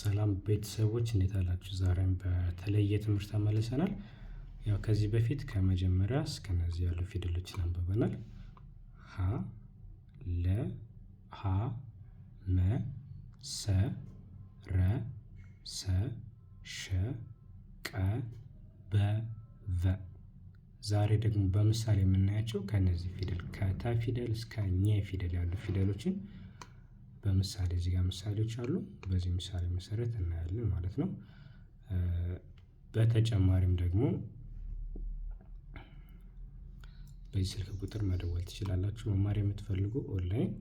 ሰላም ቤተሰቦች እንዴት አላችሁ? ዛሬም በተለየ ትምህርት ተመልሰናል። ያው ከዚህ በፊት ከመጀመሪያ እስከነዚህ ያሉ ፊደሎችን አንብበናል። ሀ ለ ሀ መ ሰ ረ ሰ ሸ ቀ በ ቨ። ዛሬ ደግሞ በምሳሌ የምናያቸው ከነዚህ ፊደል ከተ ፊደል እስከ ኘ ፊደል ያሉ ፊደሎችን በምሳሌ እዚህ ጋር ምሳሌዎች አሉ። በዚህ ምሳሌ መሰረት እናያለን ማለት ነው። በተጨማሪም ደግሞ በዚህ ስልክ ቁጥር መደወል ትችላላችሁ። መማር የምትፈልጉ ኦንላይን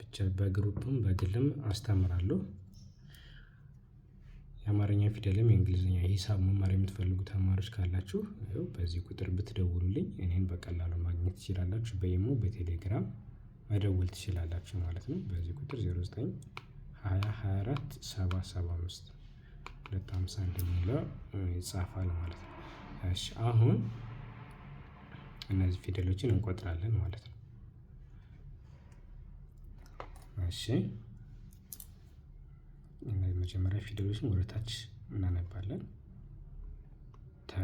ብቻ በግሩፕም በግልም አስተምራለሁ። የአማርኛ ፊደልም የእንግሊዝኛ ሂሳብ መማር የምትፈልጉ ተማሪዎች ካላችሁ በዚህ ቁጥር ብትደውሉልኝ እኔን በቀላሉ ማግኘት ትችላላችሁ። በኢሞ በቴሌግራም መደወል ትችላላችሁ ማለት ነው። በዚህ ቁጥር 09 20 24 70 75 250 እንደሚለው ይጻፋል ማለት ነው። እሺ አሁን እነዚህ ፊደሎችን እንቆጥራለን ማለት ነው። እሺ እነዚህ መጀመሪያ ፊደሎችን ወደ ታች እናነባለን። ተ፣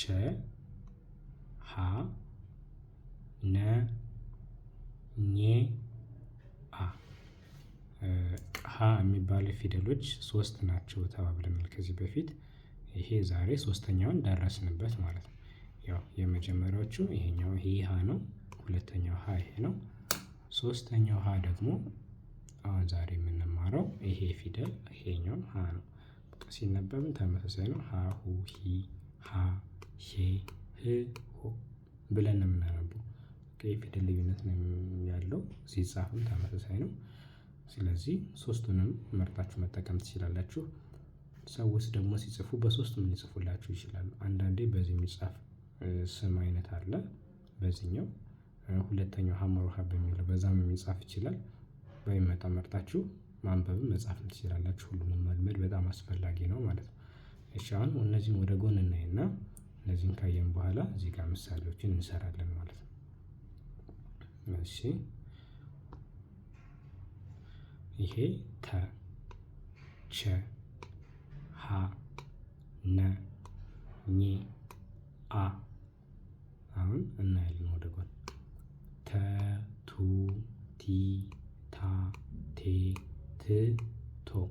ቸ፣ ሀ፣ ነ ኘ አ ሀ የሚባሉ ፊደሎች ሶስት ናቸው ተባብለናል ከዚህ በፊት ይሄ ዛሬ ሶስተኛውን ደረስንበት ማለት ነው። ያው የመጀመሪያዎቹ ይሄኛው ይሄ ሀ ነው ሁለተኛው ሀ ይሄ ነው ሶስተኛው ሀ ደግሞ አሁን ዛሬ የምንማረው ይሄ ፊደል ይሄኛው ሀ ነው። በቃ ሲነበብም ተመሳሳይ ነው ሀ ሁ ሂ ሀ ሄ ህ ሆ ብለን ነው ፊደል ልዩነት ነው ያለው ሲጻፍም ተመሳሳይ ነው። ስለዚህ ሶስቱንም መርጣችሁ መጠቀም ትችላላችሁ። ሰዎች ደግሞ ሲጽፉ በሶስቱም ሊጽፉላችሁ ይችላሉ። አንዳንዴ በዚህ የሚጻፍ ስም አይነት አለ። በዚህኛው ሁለተኛው ሀመር ውሃ በሚለው በዛም የሚጻፍ ይችላል። በሚመጣ መርጣችሁ ማንበብም መጻፍም ትችላላችሁ። ሁሉንም መልመድ በጣም አስፈላጊ ነው ማለት ነው። እሺ አሁን እነዚህን ወደ ጎን እናይና እነዚህን ካየን በኋላ እዚህ ጋር ምሳሌዎችን እንሰራለን ማለት ነው እሺ ይሄ ተ ቸ ሀ ነ ኚ አ አሁን እናያለን ወደ ጎን ተ ቱ ቲ ታ ቴ ት ቶ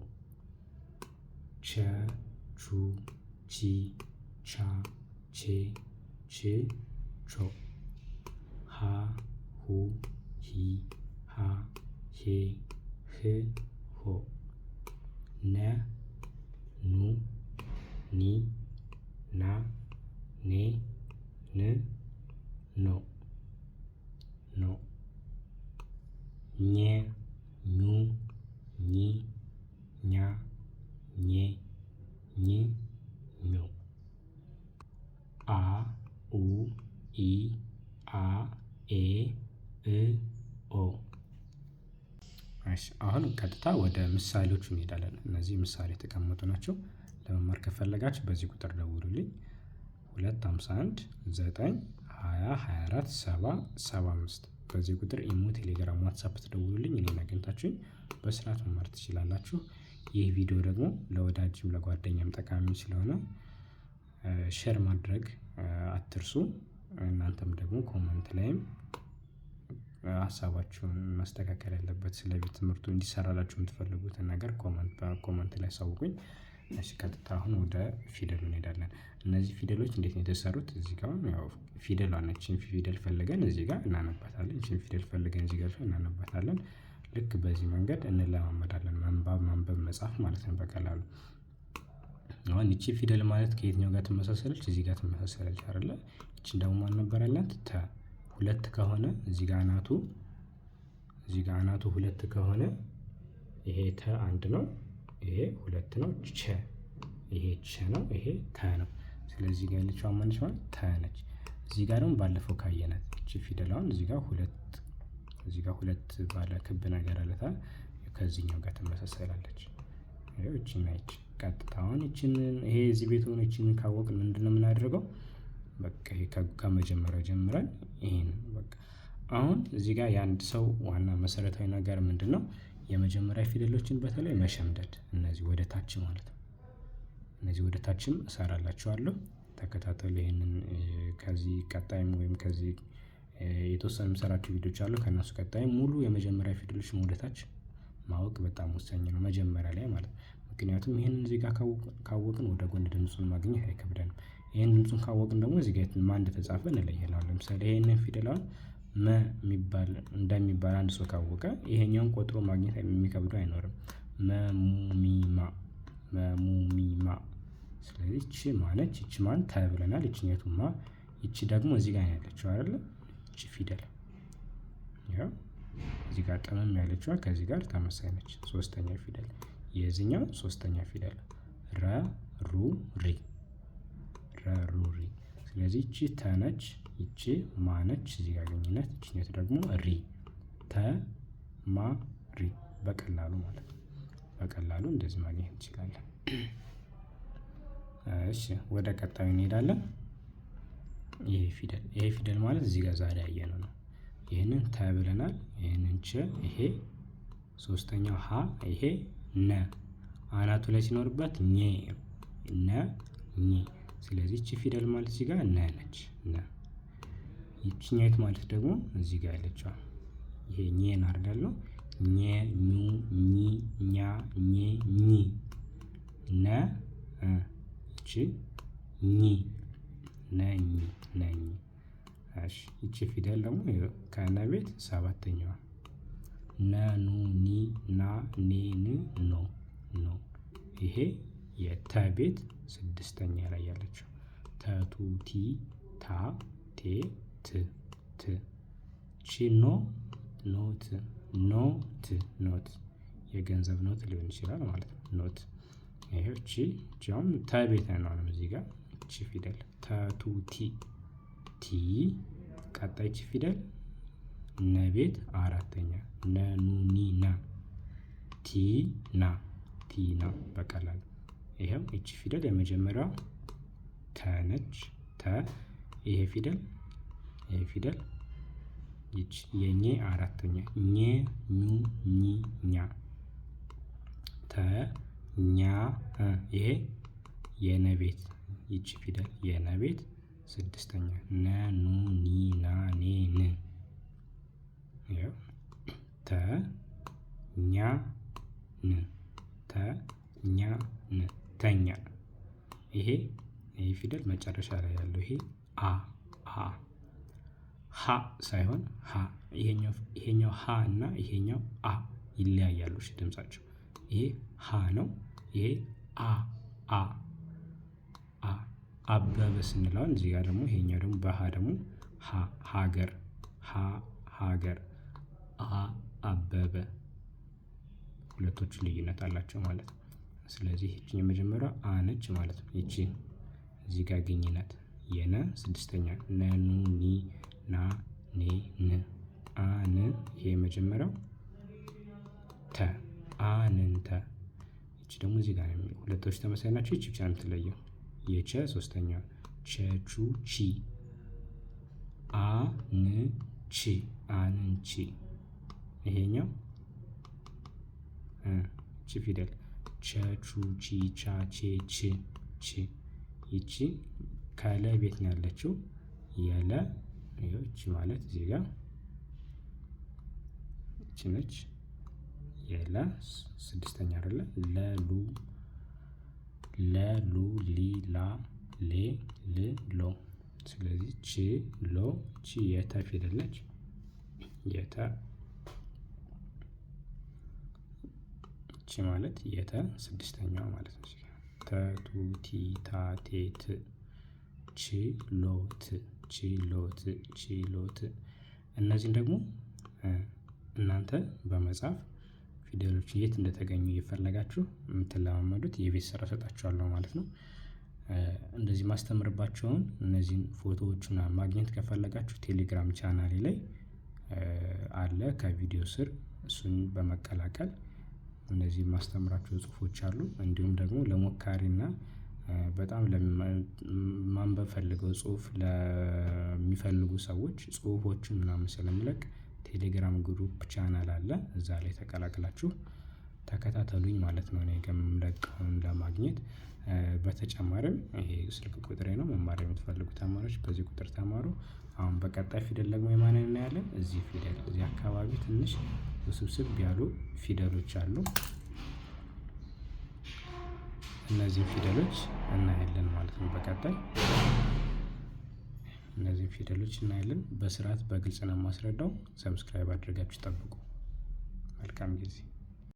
ቸ ቹ ቺ ቻ ቼ ች ሂ ሃ ሄ ህ ሆ ነ ኑ ኒ ና ኔ ን ኖ ቀጥታ ወደ ምሳሌዎቹ እንሄዳለን። እነዚህ ምሳሌ የተቀመጡ ናቸው። ለመማር ከፈለጋችሁ በዚህ ቁጥር ደውሉልኝ። ሁለት ሃምሳ በዚህ ቁጥር ኢሞ፣ ቴሌግራም፣ ዋትሳፕ ትደውሉልኝ እኔ አግኝታችሁኝ በስርዓት መማር ትችላላችሁ። ይህ ቪዲዮ ደግሞ ለወዳጅም ለጓደኛም ጠቃሚ ስለሆነ ሼር ማድረግ አትርሱ። እናንተም ደግሞ ኮመንት ላይም ሀሳባችሁን መስተካከል ያለበት ስለ ቤት ትምህርቱ እንዲሰራላችሁ የምትፈልጉትን ነገር ኮመንት ላይ አሳውቁኝ። እሺ ቀጥታ አሁን ወደ ፊደሉ እንሄዳለን። እነዚህ ፊደሎች እንዴት ነው የተሰሩት? እዚህ ጋር ፊደሏ ፊደል አለችን ፊደል ፈልገን እዚህ ጋር እናነባታለን። ችን ፊደል ፈልገን እዚህ ጋር እናነባታለን። ልክ በዚህ መንገድ እንለማመዳለን። መንባብ ማንበብ መጻፍ ማለት ነው በቀላሉ አሁን እቺ ፊደል ማለት ከየትኛው ጋር ትመሳሰለች? እዚህ ጋር ትመሳሰለች አይደለ? እቺ ደግሞ ማን ነበር ያላት? ተ ሁለት ከሆነ እዚህ ጋር ናቱ እዚህ ጋር አናቱ ሁለት ከሆነ ይሄ ተ አንድ ነው፣ ይሄ ሁለት ነው። ቸ ይሄ ቸ ነው፣ ይሄ ተ ነው። ስለዚህ ጋር ያለችው ማነች ማለት ተ ነች። እዚህ ጋር ደግሞ ባለፈው ካየናት እቺ ፊደላውን እዚህ ጋር ሁለት እዚህ ጋር ሁለት ባለ ክብ ነገር አለታ ከዚህኛው ጋር ትመሳሰላለች። እቺና ይቺ ቀጥታውን እቺን ይሄ እዚህ ቤት ሆነ እችንን ካወቅን ምንድን ነው የምናደርገው? በቃ ከመጀመሪያው ጀምረን ይሄን አሁን እዚህ ጋር የአንድ ሰው ዋና መሰረታዊ ነገር ምንድን ነው? የመጀመሪያ ፊደሎችን በተለይ መሸምደድ፣ እነዚህ ወደ ታች ማለት ነው። እነዚህ ወደ ታችም እሰራላችኋለሁ። ተከታተሉ። ይህንን ከዚህ ቀጣይም ወይም ከዚህ የተወሰኑ የምሰራቸው ቪዲዮች አሉ። ከእነሱ ቀጣይም ሙሉ የመጀመሪያ ፊደሎችን ወደ ታች ማወቅ በጣም ወሳኝ ነው፣ መጀመሪያ ላይ ማለት ነው። ምክንያቱም ይህንን እዚህ ጋር ካወቅን ወደ ጎን ድምፁን ማግኘት አይከብደንም። ይህን ድምፁን ካወቅን ደግሞ እዚህ ጋር ማን እንደተጻፈ እንለያለን። ለምሳሌ ይህንን ፊደላውን መ የሚባል እንደሚባል አንድ ሰው ካወቀ ይሄኛውን ቆጥሮ ማግኘት የሚከብዱ አይኖርም። መሙሚማ መሙሚማ ስለዚህ ይቺ ማነች? ይቺ ማን ተብለናል። ይችኛቱ ማ ይቺ ደግሞ እዚህ ጋር ያለችው አይደለ? ይቺ ፊደል ያው እዚህ ጋር ጠመም ያለችዋ ከዚህ ጋር ተመሳይ ነች። ሶስተኛ ፊደል የዚህኛው ሶስተኛ ፊደል ረ ሩ ሪ ረ ሩ ሪ ስለዚህ ይቺ ተነች ይቺ ማነች እዚህ ጋር ግንኙነት ይችኛት ደግሞ ሪ ተ ማ ሪ በቀላሉ ማለት ነው። በቀላሉ እንደዚህ ማግኘት እንችላለን። እሺ ወደ ቀጣዩ እንሄዳለን። ይሄ ፊደል ይሄ ፊደል ማለት እዚህ ጋር ዛሬ ያየነው ነው። ይህንን ተ ብለናል። ይህንን ቸ ይሄ ሶስተኛው ሀ ይሄ ነ አናቱ ላይ ሲኖርበት ኘ ነ ኘ። ስለዚህ ቺ ፊደል ማለት እዚህ ጋር ነ ነች ነ ይችኛይት ማለት ደግሞ እዚህ ጋር ያለችው ይሄ ኘን አርጋለሁ ኘ ኙ ኚ ኛ ኘ ኚ ነ እቺ ኚ ነ ኚ ነ ኚ እሺ እቺ ፊደል ደግሞ ከነ ቤት ሰባተኛዋ ነ ኑ ኒ ና ኔ ን ኖ ኖ ይሄ የተ ቤት ስድስተኛ ላይ ያለችው ተቱ ቲ ታ ቴ ት ት ቺ ኖ ኖት ኖት ኖት የገንዘብ ኖት ሊሆን ይችላል ማለት ነው። ኖት ይሄው ቺ ቺም ታቤት ነው ነው እዚህ ጋር ቺ ፊደል ታቱ ቲ ቲ ቀጣይ ቺ ፊደል ነቤት አራተኛ ነኑኒና ቲ ና ቲ ና በቀላል ይሄው እቺ ፊደል የመጀመሪያ ተነች ተ ይሄ ፊደል ይህ ፊደል ይች የኘ አራተኛ ኘ ኙ ኚ ኛ ተ ኛ ይሄ የነቤት ቤት ይች ፊደል የነቤት ስድስተኛ ነ ኑ ኒ ና ኔ ን ተ ኛ ን ተ ኛ ን ተኛ ይሄ ይህ ፊደል መጨረሻ ላይ ያለው ይሄ አ አ ሀ ሳይሆን ሀ ይሄኛው ሀ እና ይሄኛው አ ይለያያሉ ድምጻቸው። ይሄ ሀ ነው። ይሄ አ አ አ አበበ ስንለውን እዚህ ጋር ደግሞ ይሄኛው ደግሞ በሀ ደግሞ ሀ ሀገር ሀ ሀገር አ አበበ ሁለቶቹ ልዩነት አላቸው ማለት ነው። ስለዚህ ይች የመጀመሪያ አነች ማለት ነው። ይቺ እዚህ ጋር ግኝነት የነ ስድስተኛ ነኑኒ ና ኔ ን አን ይሄ የመጀመሪያው ተ አንንተ ይቺ ደግሞ እዚህ ጋር ሁለቶች ናቸው። ይቺ ብቻ የምትለየው የቸ ሶስተኛ ቸቹ ቺ ይሄኛው ቺ ፊደል ቸቹ ቺ ቻ ቼ ቺ ቺ ይቺ ከለ ቤት ነው ያለችው የለ ይች ማለት እዚህ ጋር እቺ ነች። የለ ስድስተኛ አይደለ? ለሉ ለሉ ሊላ ላ ሌ ል ሎ። ስለዚህ ቺ ሎ ቺ የተ ፊደል ነች። የተ ቺ ማለት የተ ስድስተኛዋ ማለት ነው። ተቱ ቲ ታ ቴ ት ቺ ሎ ት ችሎት ችሎት እነዚህን ደግሞ እናንተ በመጻፍ ፊደሎች የት እንደተገኙ እየፈለጋችሁ የምትለማመዱት የቤት ስራ ሰጣችኋለሁ ማለት ነው። እንደዚህ ማስተምርባቸውን እነዚህን ፎቶዎች ማግኘት ከፈለጋችሁ ቴሌግራም ቻናሌ ላይ አለ ከቪዲዮ ስር እሱን በመቀላቀል እነዚህ ማስተምራቸው ጽሁፎች አሉ። እንዲሁም ደግሞ ለሞካሪና በጣም ማንበብ ፈልገው ጽሁፍ ለሚፈልጉ ሰዎች ጽሁፎችን ምናምን ስለምለቅ ቴሌግራም ግሩፕ ቻናል አለ እዛ ላይ ተቀላቅላችሁ ተከታተሉኝ ማለት ነው። እኔ ከምለቀውን ለማግኘት በተጨማሪም ይሄ ስልክ ቁጥሬ ነው መማር የምትፈልጉ ተማሪዎች በዚህ ቁጥር ተማሩ። አሁን በቀጣይ ፊደል ደግሞ የማንን እናያለን? እዚህ ፊደል እዚህ አካባቢ ትንሽ ውስብስብ ያሉ ፊደሎች አሉ እነዚህ ፊደሎች እናያለን ማለት ነው። በቀጣይ እነዚህ ፊደሎች እናያለን። በስርዓት በግልጽ ነው የማስረዳው። ሰብስክራይብ አድርጋችሁ ጠብቁ። መልካም ጊዜ